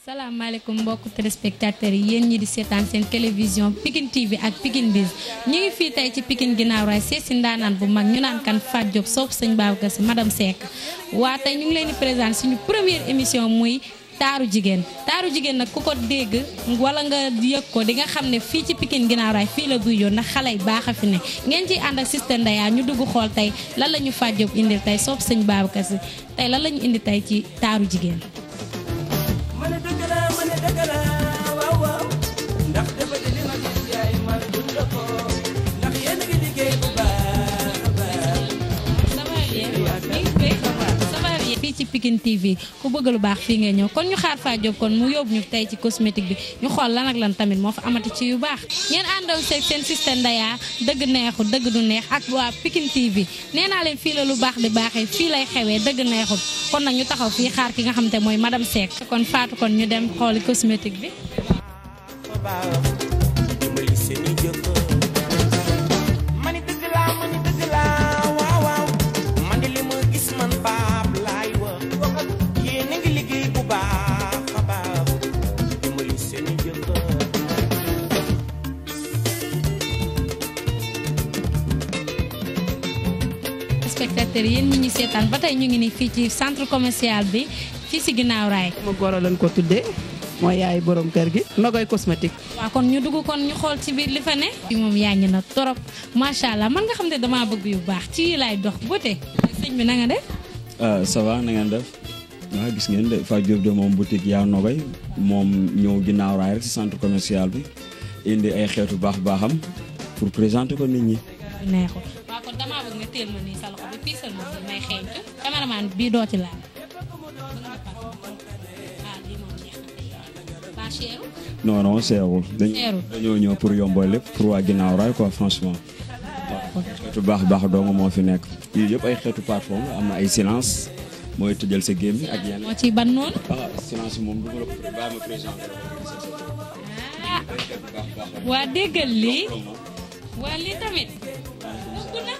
salaamaaleykum mbokk téléspectateurs yi yéen ñi di seetaan seen télévision Pikine TV ak pikin Biz ñu ngi fii tey ci Pikine ginnaaw raay si ndaanaan bu mag ñu naan kan Fatou Diop soofu sañ Babacar Sy madame Seck waa tey ñu ngi leen di suñu première émission muy taaru jigéen taaru jigéen nag ku ko dégg wala nga yëg ko di nga xam ne fii ci pikin ginnaaw fii la buy yoon ndax xale yi baax a fi ne ngeen ci ànd ak Sister Ndeya ñu dugg xool tey lan la ñu Fatou Diop indil tey soofu sëñ Babacar Sy tey lan la ñu indi tey ci taaru jigéen Pikine TV ku bëgg lu baax fii ngay ñëw kon ñu xaar Faa Diop kon mu yóbbu ñu tey ci cosmétique bi ñu xool lan ak lan tamit moo fa amati ci yu baax ngeen àndaw seeg seen système Ndaya dëgg neexu dëgg du neex ak waa Pikine TV nee naa leen fii la lu baax di baaxee fii lay xewee dëgg neexul kon nag ñu taxaw fii xaar ki nga xam te mooy madame Seck kon Fatou kon ñu dem xooli cosmétique bi. téléspectateurs yéen ñi ñu seetaan ba tey ñu ngi ni fii ci centre commercial bi fii si ginnaaw raay. ma goro ko tuddee mooy yaay borom kër gi nogoy cosmétique. kon ñu dugg kon ñu ci biir li fa na torop allah man nga xam ne bëgg yu baax ci laay dox bu tey bi na nga def. ah ça va na ngeen def. Ah, gis ngeen de boutique nogoy raay rek si centre commercial bi indi ay xeetu baax baaxam pour présenter ko nit ñi téel ma nii sa loxo bi piisal ma may xeeñtu cameraman bii doo ci laal non non seerul dañoo ñëw pour yombal lépp pour waa ginnaaw raay quoi franchement dong fi nekk yii yëpp ay xeetu parfum am ay silence mooy tëjal sa gémmi ak yenn moo ci ban noonu ah, silence ma ah. tamit na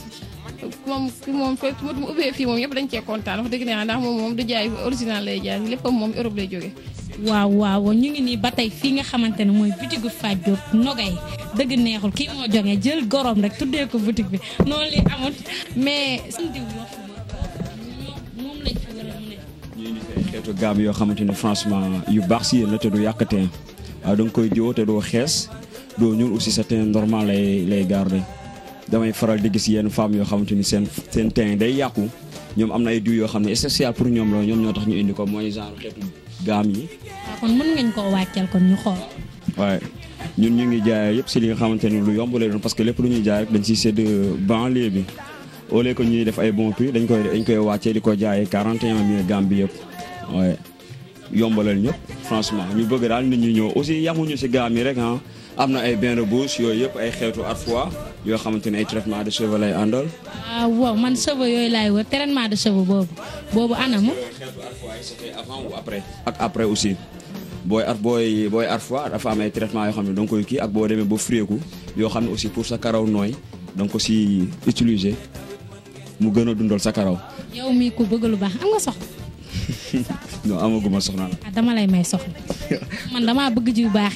moom fi moom fekk bu mu ubbee fii moom yëpp dañ cee kontaan wax dëgg neex ndax moom moom du jaay original lay jaay léppam moom Europe lay jógee. waaw waaw ñu ngi nii ba tey fii nga xamante ne mooy bitigu Fatou Diop Nogay dëgg neexul kii moo jógee jël gorom rek tuddee ko boutique bi noonu li amut mais. xeetu gaam yoo xamante ne franchement yu baax si yéen la te du yàq teen koy jiwoo te doo xees doo ñuul aussi sa teen normal lay lay garder. damay faral di gis yenn femmes yoo xamante ni seen seen teint day yàqu ñoom am na ay diw yoo xam ne spécial pour ñoom la ñoom ñoo tax ñu indi ko mooy genre xeetu gaam yi. waaw ah, kon mën ñu waaye ñun ñu ngi jaay yëpp si li nga xamante ni lu yomb lay parce que lépp lu ñuy jaay rek dañ siy sédd banlieue bi au lieu que ñuy def ay bon prix dañ koy dañ koy wàccee di ko jaayee 41 mille gaam bi yëpp waaye yombalal ñëpp franchement ñu bëgg daal nit ñi ñëw aussi yamuñu si gaam yi rek ah. am na ay bain de bouche yooyu yëpp ay xeetu arfois yoo xamante ne ay traitement de cheveux lay àndal. Ah, waaw man cheveux yooyu laay wër traitement de cheveux boobu boobu anamu. ak après aussi. booy ar booy booy arfois dafa am ay traitement yoo xam ne da koy kii ak boo demee ba fréeku yoo xam ne aussi pour sa karaw nooy da ko si utiliser mu gën a dundal sa karaw. yow mii ku bëgg lu baax am nga soxla. non amaguma soxna la. Ah, dama lay may soxla man damaa bëgg ji bu baax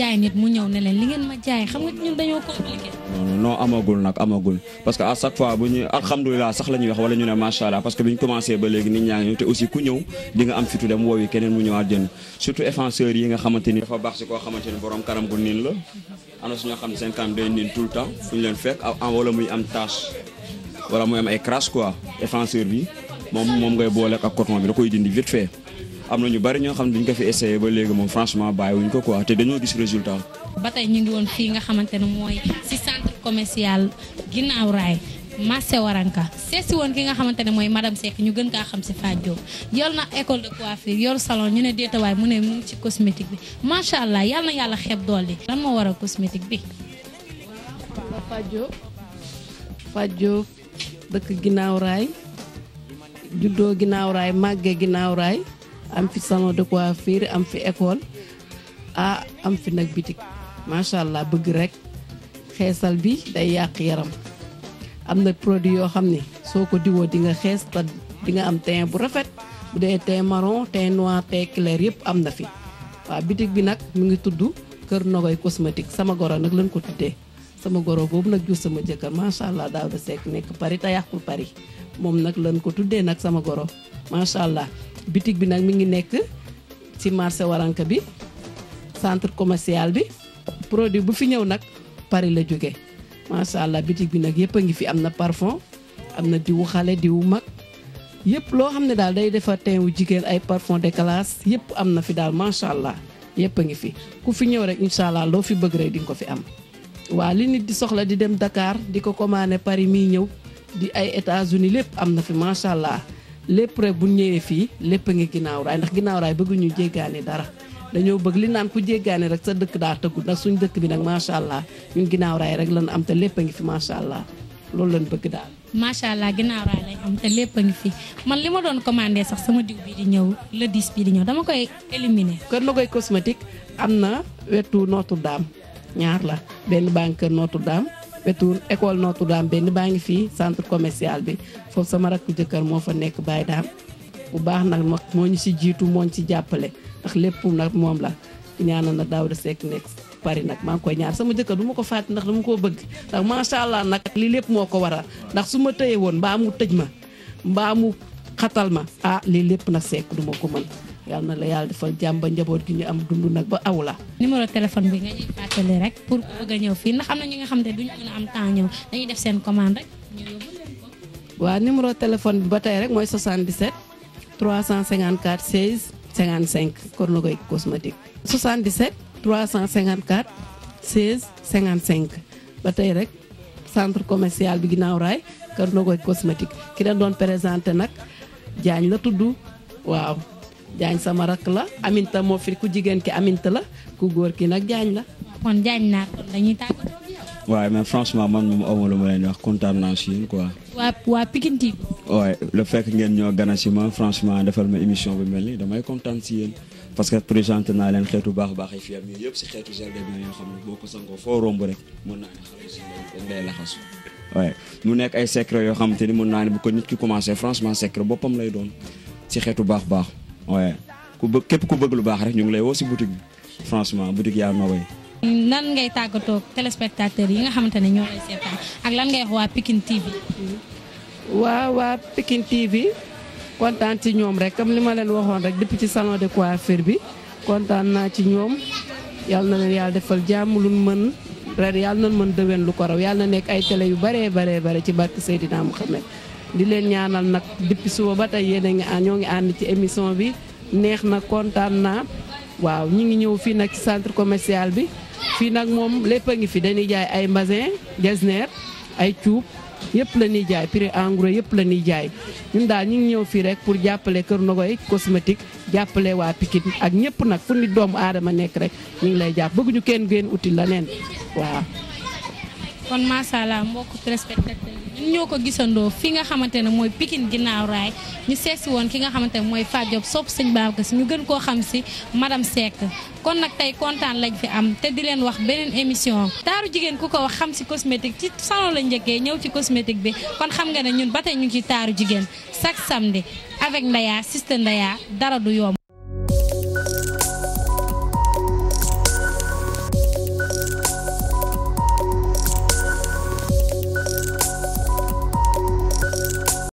jaay nit mu ñëw ne leen li ngeen ma jaay xam nga ñun dañoo compliqué. non amagul nag amagul parce que à chaque fois bu ñu alhamdulilah sax la ñuy wax wala ñu ne macha allah parce que bi ñu commencé ba léegi nit ñaa ngi te aussi ku ñëw di nga am fitu dem woowi keneen mu ñëwaat jënd surtout influenceurs yi nga xamante ni. dafa baax si koo xamante ni borom kanam gu niin la am na suñoo xam ne seen kanam day niin tout le temps fu ñu leen fekk wala muy am tache wala muy am ay crasse quoi influenceur bi moom moom ngay boole ak coton bi da koy dindi vite fait. amna ñu bari ñoo xam ne ko fi essayé ba légui mom franchement bàyyiwuñ ko quoi té dañoo gis résultat. batay tey ñu ngi won fi nga xamantene moy ci centre commercial ginaaw ray marché waranka seesi won ki nga xamantene moy madame Cheikh ñu gën ka xam ci Fadio yol na école de coiffure yol salon ñu ne déetawaay mu né mu ci cosmétique bi macha allah yal na yalla xeeb doli lan mo wara cosmétique bi. waaw Fadio Fadio dëkk ginaaw ray juddoo ginaaw ray magge ginaaw ray am fi salon de coiffure am fi école a ah, am fi nag bitik macha allah bëgg rek xéssal bi day yaq yaram am na produit yo xamni soko diwo di nga xéss ta di nga am teint bu rafet bu dé teint marron teint noir teint clair yépp am na fi wa bitik bi nak mu ngi tuddu Kër Nogoy cosmétique sama goro nak lañ ko tuddé sama goro bobu nak jur sama jëkkër macha allah daaw da seek nekk Paris te yàqul Paris moom lañ ko tuddé nak sama goro macha bitik bi nag mi ngi nekk ci marché waranka bi centre commercial bi produit bu fi ñëw nag Paris la jóge macha allah bi nag yépp a ngi fi am na parfum am na diwu xale diwu mag yëpp loo xam ne daal day teewu jigéen ay parfum de classe yépp am na fi daal macha allah yépp a ngi fi ku fi ñëw rek allah fi bëgg rek di fi am. waa li nit di soxla di dem Dakar di ko commandé Paris miy ñëw di ay États-Unis lépp am na fi macha allah. lépp rek bu ñëwee fii lépp a ngi ginnaaw raay ndax ginnaaw raay bëgg ñu dara dañoo bëgg li naan ku jéggaane rek sa dëkk daa tëggul ndax suñ dëkk bi nag macha allah ñun ginnaaw raay rek lan am te lépp a ngi fi macha allah loolu lañ bëgg daal. macha allah ginnaaw te lépp a ngi fi man li ma doon commandé sax sama diw bi di ñëw la diis bi di ñëw dama koy éliminer. kër Nogoy cosmétique am na wetu nootu daam ñaar la benn banque nootu daam wetu école Notre daam benn baa ngi fii centre commercial bi foofu sama rakku jëkkër moo fa nekk Baye Dame bu baax nag moo ñu si jiitu mooñ ci si jàppale ndax lépp nag moom la ñaanal na da Seck nekk Paris nag maa ngi koy ñaar sama jëkkër du ma ko fàtte ndax dama koo bëgg ndax macha allah nag lii lépp moo ko waral ndax su ma tëye woon mbaa mu tëj ma mbaa mu xatal ma ah lii lépp nag Seck du ma ko mën yàlla na la yàlla defal jàmm ba njaboot gi ñu am dund nag ba aw la. numéro téléphone bi nga rek pour bëgg a ñëw fii ndax am na ñi nga xam ne duñu mën a am temps ñëw dañuy def seen commande rek ñu yóbbu leen waaw numéro téléphone bi ba tey rek mooy 77 354 16 55 Kornogoy cosmétique 77 354 16 55 ba tey rek centre commercial bi ginnaaw raay Kornogoy cosmétique ki la doon présenté nag jaañ la tudd waaw. jaañ sama rakk la aminta moo fi ku jigéen ki aminta la ku góor ki nag jaañ la. kon jaañ naa kon dañuy tàggatoo waaye mais franchement man moom aw ma lu ma leen wax kontaan si yéen quoi. waa waa Pikine TV. waaye le fekk ngeen ñoo gana si ma franchement defal ma émission bu mel nii damay kontaan si yéen parce que présent naa leen xeetu baax baax yi fi am yëpp si xeetu jardin bi yoo xam ne boo ko sangoo foo rek mën naa ne xale si waaye mu nekk ay secret yoo xamante ni mën naa ne bu ko nit ki commencé franchement secret boppam lay doon si xeetu baax baax. waaye ku bëgg képp ku bëgg lu baax rek ñu ngi lay woo si boutique bi franchement boutique yaa ma way nan ngay tàggatoo téléspectateurs yi nga xamante ne ñoo lay lan ngay wax waa Pikine TV. waaw waa Pikine TV kontaan ci ñoom rek comme li ma leen waxoon rek depuis ci salon de coiffure bi kontaan naa ci ñoom yàlla na leen yàlla defal jàmm lu mën ren yàlla na mën dëwen lu ko raw yàlla na nekk ay télé yu baree baree bare ci barke Seydina Mouhamed. di leen ñaanal nag depuis suba ba tey yéen a ngi ñoo ngi ànd ci émission bi neex na kontaan naa waaw ñu ngi ñëw fii nag ci centre commercial bi fii nag moom lépp a ngi fi dañuy jaay ay mbasin gesner ay cuub yëpp la ñuy jaay prix en yëpp la ñuy jaay ñun daal ñu ngi ñëw fii rek pour jàppale Kër Nogoy cosmétique jàppale waa Pikine ak ñëpp nag fu nit doomu aadama nekk rek ñu ngi lay jàpp bëgguñu kenn gën uti la neen waaw kon masala mbokk téléspectateur ñun ñoo ko gisandoo fi nga xamantene moy pikine pikin ginnaaw raay ñu seesi won ki nga xamantene moy mooy Fatou Diop sopp ñu gën ko xam ci madame kon nak tay contane lañ fi am te di leen wax benen émission taru jigen ku ko wax xam si cosmétique ci salon la njëkkee ñëw ci cosmétique bi kon xam nga né ñun batay ñu ci taru jigen chaque samedi avec Ndaya sister Ndaya dara du yom